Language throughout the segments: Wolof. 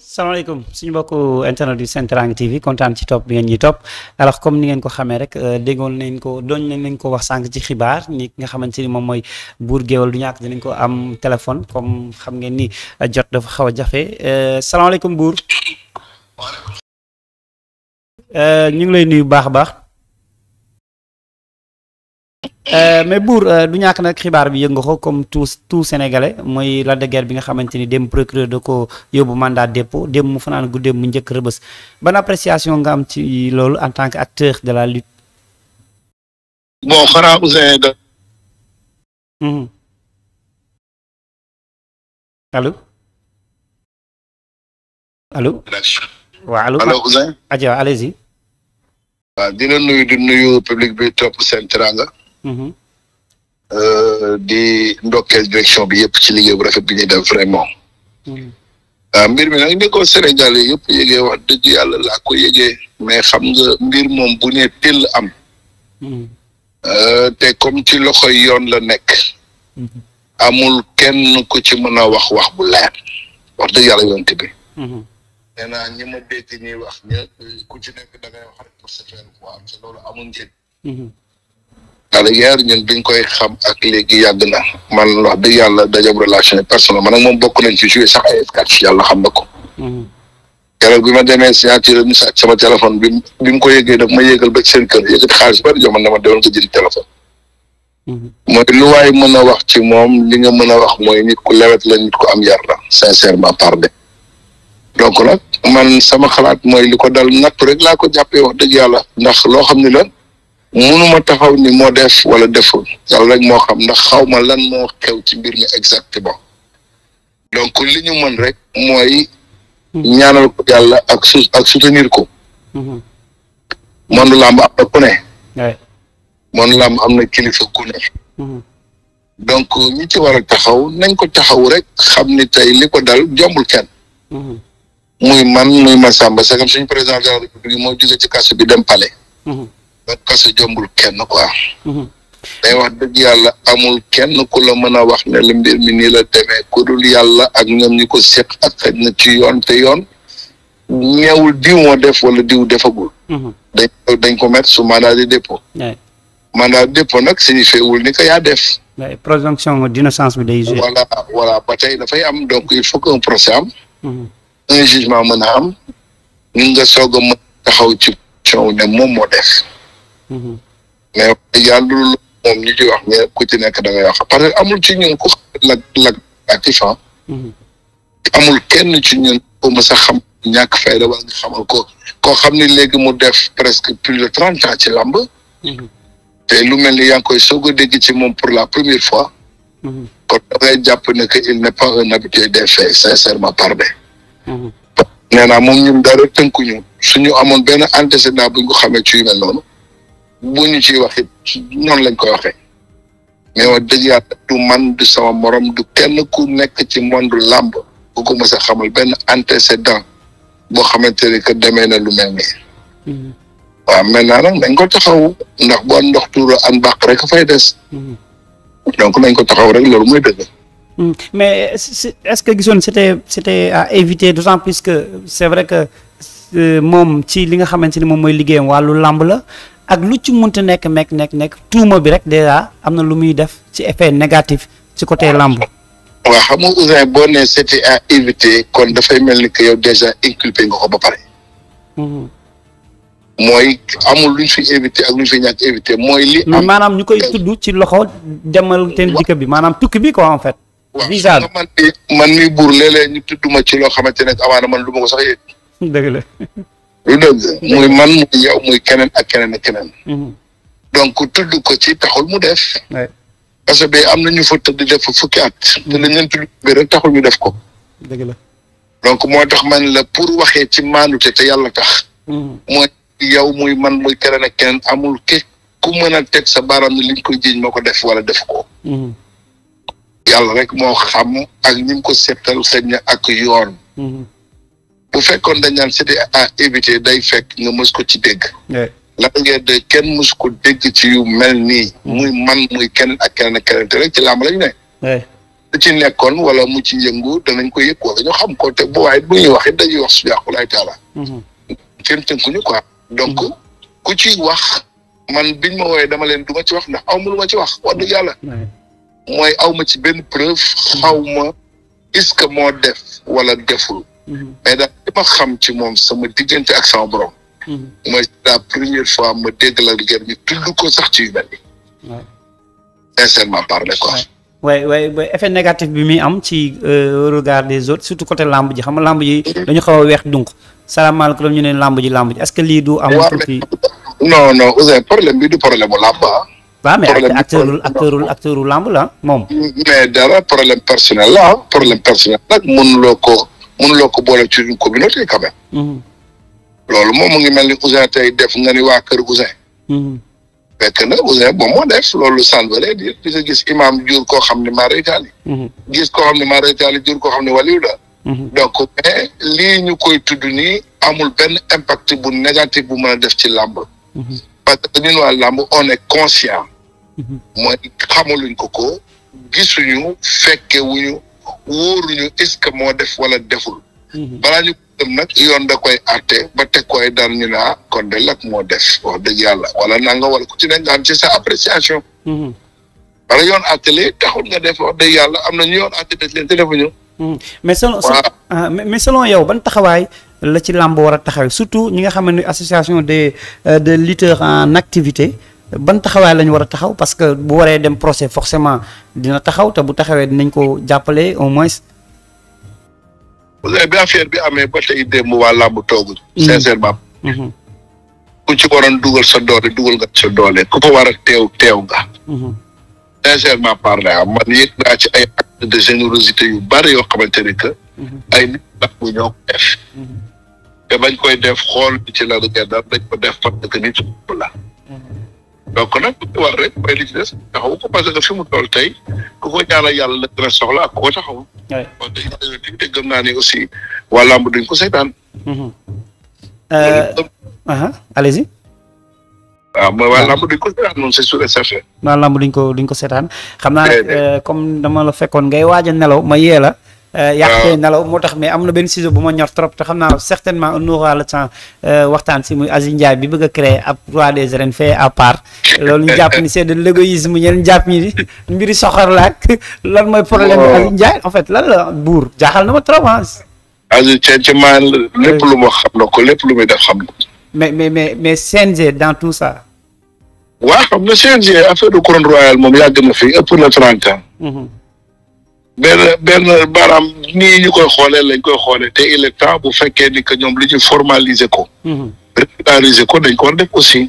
salaamaaleykum suñu mbokku internet du Sen Teranga TV kontaan ci topp bi ngeen ñi topp alors comme ni ngeen ko xamee rek euh, déggoon nañ ko doon nañ leen ko wax sànq ci xibaar ni nga xamante ni moom mooy buur géwal du ñàkk dinañ ko am téléphone comme xam ngeen ni euh, jot dafa xaw a jafe euh, salaamaaleykum buur ñu ngi lay nuyu baax a baax. Euh, mais buur euh, du ñàkk nag xibaar bi yëngu ko comme tout tout mooy Lac de bi nga xamante ni dem procureur da ko yóbbu mandat dépôt dem mu fanaan guddeem mu njëkk rëbës ban appréciation nga am ci loolu en tant que acteur de la lutte. bon xanaa Ousseyn da. allo allo. nuyu di nuyu public bi topp seen Mhm. u euh, di ndokkeel direction bi yëpp ci liggéey bu rafet bi ñuy def vraiment. Mhm. Ah, mbir mi nag ni ko Sénégal yëpp yëgee wax dëgg yàlla laa ko yëgee mais xam nga mbir moom bu ne teel am. Mhm. Euh, te comme ci loxoy yoon la nekk. amul kenn ku ci mën a wax wax bu leer wax dëgg yàlla yoon bi. nee naa ñi ma ñuy wax ña ku ci nekk da ngay wax rek pour se faire voir loolu amul njëriñ. à l'égard ñun biñ koy xam ak léegi yàgg na man wax dëgg yàlla dajab relation personnelle man ak moom bokk nañ ci joué sax ay sketch yàlla xam na ko. Mhm. keroog bi ma demee signature mi sax sama téléphone bi bi mu ko yëgee daf ma yëgal ba seen kër yëkkati xaalis bari jox man dama demoon ko jënd mhm. mooy lu waay mën a wax ci moom li nga mën a wax mooy nit ku lewet la nit ku am yar la sincèrement pardon. donc nag man sama xalaat mooy li ko dal natt rek laa ko jàppee wax dëgg yàlla ndax loo xam ni la. munuma taxaw ni moo def wala deful yàlla rek moo xam ndax xaw ma lan moo xew ci mbir mi exactement donc li ñu mën rek mooy ñaanal ko ak su ak soutenir ko mhm. man làmb am na ku ne man làmb am na kilifa ku ne mhm. donc ñi ci war a taxaw nañ ko taxaw rek xam ni tey li ko dal jombul kenn mhm. muy man muy samba Sakam suñu président de la république moo ci kaso bi dem palais kaso jombul kenn quoi. day mhm. wax dëgg yàlla amul kenn ku la mën a wax ne la mbir mi nii la demee ku dul yàlla ak ñoom ñu ko séq ak xëj na ci yoon te yoon ñeewul diw moo def wala diw defagul. Mhm. dañ ko dañ ko mettre sous mandat de dépôt. mandat de dépôt nag signifié wul ni que yaa def. mais présomption d'innocence bi day. voilà voilà ba tey dafay am donc il faut qu'un procès am. Mhm. un mën a am. ñu nga soog a mën taxaw ci question ne moo def. Mm-hmm. mais yàlla lu moom lu ci wax ñe ku ci nekk da ngay wax amul ci ñun ku xam lag lag actif ah. mm-hmm. amul kenn ci ñun ku mës xam ñàkk fayda wala nga xamal ko koo xam ni léegi mu def presque plus de trente ans ci làmb mm-hmm. te lu mel ni yaa ngi koy soog a dégg ci moom pour la première fois kon da ngay jàpp ne que il n'est pas un habitué des faits sincèrement parlé nee naa moom ñun dara tënkuñu suñu amoon benn antécédent bu ñu ko xamee ci yu mel noonu bu ñu ciy wax it lañ koy waxee mais wa dëgg yàlla du man du sama morom du kenn ku nekk ci monde làmb ku ko mës a xamal benn antécédent boo xamante ne que demee na lu mel nii. Mhm. waaw maintenant nag nañ ko taxaw ndax bu ndox tuuru an bàq rek fay des. Mhm. donc nañ ko taxaw rek loolu mooy dëgg. Mhm. mais est-ce que gisoon c'était c'était à éviter d'autant plus que c'est vrai que euh, moom ci li nga xamante ni moom mooy liggéeyam wàllu làmb la. ak lu ci munta nekk nekk nekk nekk tuuma bi rek dèjà am na lu muy def ci effet négatif ci côté lamb waaw xam nga Ouzin boo nee c'était à éviter kon dafay mel ni que yow dèjà inculpé nga ko ba pare mhm. mooy amul luñ fi éviter ak luñ fi ñàkk éviter mooy li am maanaam ñu koy tudd ci loxo demal ten dikk bi maanaam tukki bi ko en fait visa man ni man ni buur léeg-léeg ñu tudd ci loo xamante ne amaana man lu ma ko sax yëg la du dëgg man muy yow muy keneen ak keneen keneen mm-hmm. donc tudd ko ci taxul mu def parce que ba am na ñu fa tëdd def fukki at te lañ mm-hmm. leen tudd bi taxul ñu def ko dëgg la donc moo tax man la pour waxee ci maanute te yàlla tax mm-hmm. mooy yow muy man muy keneen ak keneen amul ki ku mën a teg sa baaraam ne liñ koy jiiñ moo ko def wala def ko yàlla rek moo xam ak ñi ko settal ak yoon bu fekkoon dañ naan c'était à éviter day fekk nga mës ko ci dégg. Lac Guiers 2 kenn mës ko dégg ci yu mel nii. Mm. muy man muy kenn ak keneen ak keneen te rek ci làmb lañ ne. lu ci nekkoon wala mu ci yëngu danañ ko yëg ko ñu xam ko te bu waaye bu ñuy wax it dañuy wax suñu yàqu laay taala. Mm-hmm. kenn tënkuñu quoi. donc mm-hmm. ku ci wax man biñ ma wooyee dama leen du ma ci wax ndax aw ma lu ma ci wax wax dëgg yàlla. mooy aw ma ci benn preuve mm-hmm. xaw ma est-ce que moo def wala deful. Mm-hmm. mais daal ma xam ci moom sama diggante ak sama borom. Mm-hmm. mooy la première fois ma dégg la guerre ñu tudd ko sax ci yu mel nii. sincèrement parler waaye waaye effet négatif bi muy am ci euh, regard des autres surtout côté lamb ji xam nga lamb ji mm-hmm. dañu xaw a weex donc salaamaaleykum ñu ne lamb ji lamb ji est-ce que lii du. am tuuti non non Ouzin problème bi du problème mu làmb ah. mais acteur acteur acteur lamb la moom. mais dara problème personnel la ah. problème personnel nag mënuloo ko. mënuloo ko boole ci une communauté quand même. Mhm. loolu moom mu ngi mel ni Ouzin tey def nga ni waa kër Ouzin. Mhm. fekk na Ouzin bon moo def loolu sànqalee di di nga gis imam jur koo xam ne maréchal yi. Mhm. gis koo xam ni maréchal yi jur koo xam ne wali da donc mais lii ñu koy tudd nii amul benn impact bu négatif bu mën a def ci làmb. parce que ñun waa làmb on est conscient. mooy xamaluñ ko ko gisuñu fekke wuñu. wóoruñu est-ce que moo def wala deful. Mhm. balaa ñu dem nag yoon da koy àtte ba teg koy daan ñu naa kon de lak moo def wax dëgg yàlla wala nanga wala ku ci ne nga ci sa appréciation. wala mhm. yoon àttale taxul nga def wax dëgg yàlla am na ñu yoon àtte leen te defuñu. Mhm. mais selon ah, mais selon yow ban taxawaay la ci làmb war a taxawee surtout ñi nga xama ne association des euh, de lutteurs en activité. ban taxawaay la ñu war a taxaw parce que bu waree dem procès forcément dina taxaw te bu taxawee dinañ ko jàppale au moins. bi affaire bi amee ba tey démb waa làmb toogul. Mm-hmm. sincèrement. Mm-hmm. ku ci waroon dugal sa doole dugal nga sa doole ko war a teew teew nga. Mm-hmm. sincèrement parlant ah, man yëg ci ay actes de générosité yu bari yoo xamante ne que. ay nit làmb ñoo ko def. te bañ koy def xool ci la gànnaar dañ ko def parce que nit la. donc nag war rek mooy li ci des ko parce que fi tey ku ko ñaanal yàlla la gën a soxla ak ku ko aussi waa làmb duñ ko seetaan. Mhm. Euh, euh, allez-y. waaw mooy waa ah. làmb duñ ko seetaan noonu c'est sûr et certain. waa làmb ko duñ ko seetaan xam naa eh, eh. Euh, comme dama la fekkoon ngay waaj a nelaw ma yee la. Euh, yàq tey nelaw moo tax mais am na benn sujet bu ma ñor trop te xam naa certainement on aura le temps waxtaan si muy Aziz Ndiaye bi bëgg a créer ab roi des arènes fait à part loolu ñu jàpp ni c'est de l'égoïsme ñeneen jàpp ñi mbiri soxor la lan mooy problème bi Aziz en fait lan la buur jaaxal na ma trop ah. Aziz ci ci maan lépp lu xam na ko lépp lu muy def xam mais mais mais mais CNG dans tout ça. waaw xam nga CNG affaire moom yàgg na fi ëpp na trente ans. Mm-hmm. benn benn baaraam nii ñu koy xoolee lañ koy xoolee te il est bu fekkee ni que ñoom lu ñu formaliser ko. Mhm. régulariser ko dañ ko war def aussi.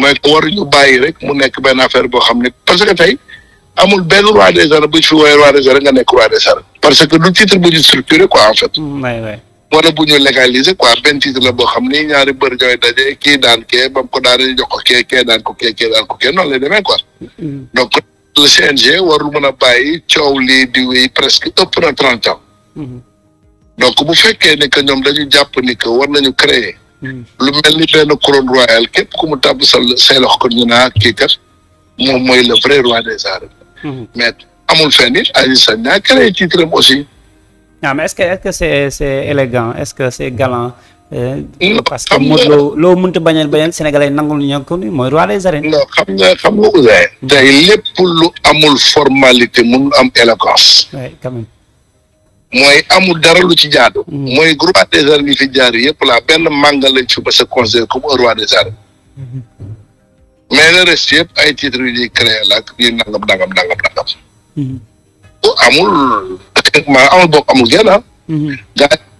mooy ko war ñu bàyyi rek mu nekk benn affaire boo xam ne parce que tey amul benn roi des arènes bu fi woowee roi nga nekk roi des arènes parce que du titre bu ñu structuré quoi en fait. Mm, wala bu ñu légaliser quoi benn titre la boo xam ni ñaari bër ñooy daje kii daan kee ba mu ko daanee jox ko kee kee daan ko kee kee daan ko kee noonu lay demee mm. donc le CNG war lu mën a bàyyi coow li di presque ëpp na trente mhm. donc bu fekkee ne que ñoom dañu jàpp ni que war nañu créer. Mhm. lu mel ni benn couronne royale képp ku mu tàbb sa say loxo kon ñu naa ah kii kat moom mooy le vrai roi des arènes. Mhm. mais amul fenn it Aziz Sagna créé titre am aussi. non mais est-ce que est-ce que c'est c'est élégant est-ce que c'est galant. Eh, eh, parce que loo mënta bañal bañal sénégalais nangul ñu ko mooy roi des arènes. non xam nga xam nga Ouzin. tey lépp lu amul formalité mun am éloquence. mooy amul dara lu ci jaadu. Mm. mooy groupe des arènes yi fi jaar yëpp la benn manga lañ fi ba se considérer comme roi mm-hmm. yëpp ay titres yu ñuy créé la ak yu nangam nangam nangam mm-hmm. amul techniquement amul bokk amul genn ah. Mm-hmm.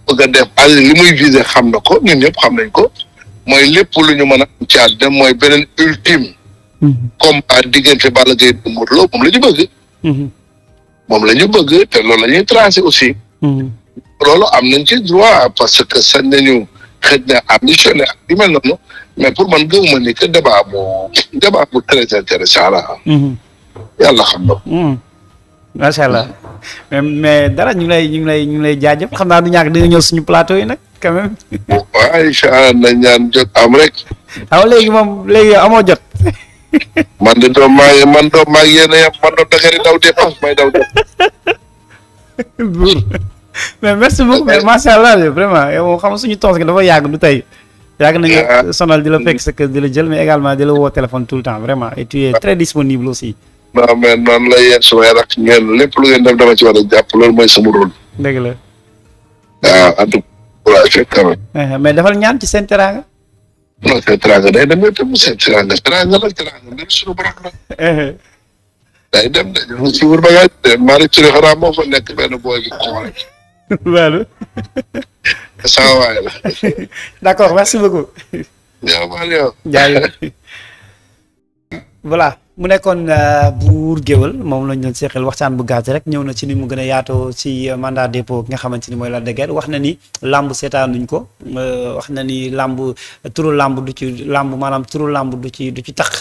bëgg a def Aziz li muy visé xam na ko ñun ñëpp xam nañ ko mooy lépp lu ñu mën a am ci àddina mooy beneen ultime. Mm-hmm. combat diggante Balla Gaye ak Modou Lo moom la ñu bëgg. Mm-hmm. moom la ñu bëgg te loolu la ñuy aussi. Mm-hmm. loolu am nañ ci droit parce que sañ nañu xëj na ambitionné ak yu mel mais pour man gëw ma ni que débat bu débat bu très intéressant la. yàlla xam na. macha allah mais mais dara ñu ngi lay ñu ngi lay ñu ngi lay jaajëf xam naa du ñàkk di nga ñëw suñu plateau yi nag quand même. waaw incha allah ñaan jot am rek. waaw léegi moom léegi yow amoo jot. man de doom maa man doom maa yéen a yem man doom da ngeen daw dépense may daw jot. buur mais yow xam suñu toos gi dafa yàgg du tey. yàgg nañu ah. sonal di la fekk sa kër di la jël mais également di la woo téléphone tout le temps vraiment et tu es disponible aussi. non mais noonu la yéen ngeen lépp lu ngeen def dama ci war a jàpp loolu mooy sama rôle. dëgg la. waaw ah, en tout cas. Eh, dafal ñaan ci seen teraanga. non seen teraanga day dem itam seen teraanga teraanga la teraanga dem suñu borom la. Eh. day dem de ñoom si wër bagage de Malick Touré xanaa moo fa nekk benn booy bi mu nekkoon euh, buur géwal moom lañ doon seexal waxtaan bu gàtt rek ñëw na ci ni mu gën a yaatoo ci euh, mandat dépôt ki nga xamante ni mooy Lac de wax na ni làmb seetaanuñ ko euh, wax na ni làmb turu làmb du ci làmb maanaam turu làmb du ci du ci tax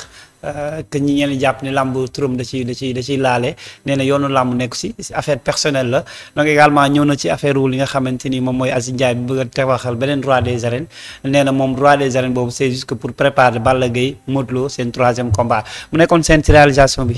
Euh, que ñi ñeen jàpp ne làmb turam da ci da ci laale nee yoonu làmb nekk si affaire personnelle la donc également ñëw na ci affaire wu li nga xamante ni moom mooy Aziz Ndiaye bi bëgg a tewaxal beneen roi des arènes nee moom roi des arènes boobu c'est juste pour préparer Balla Gaye Modou seen troisième combat mu nekkoon seen réalisation bi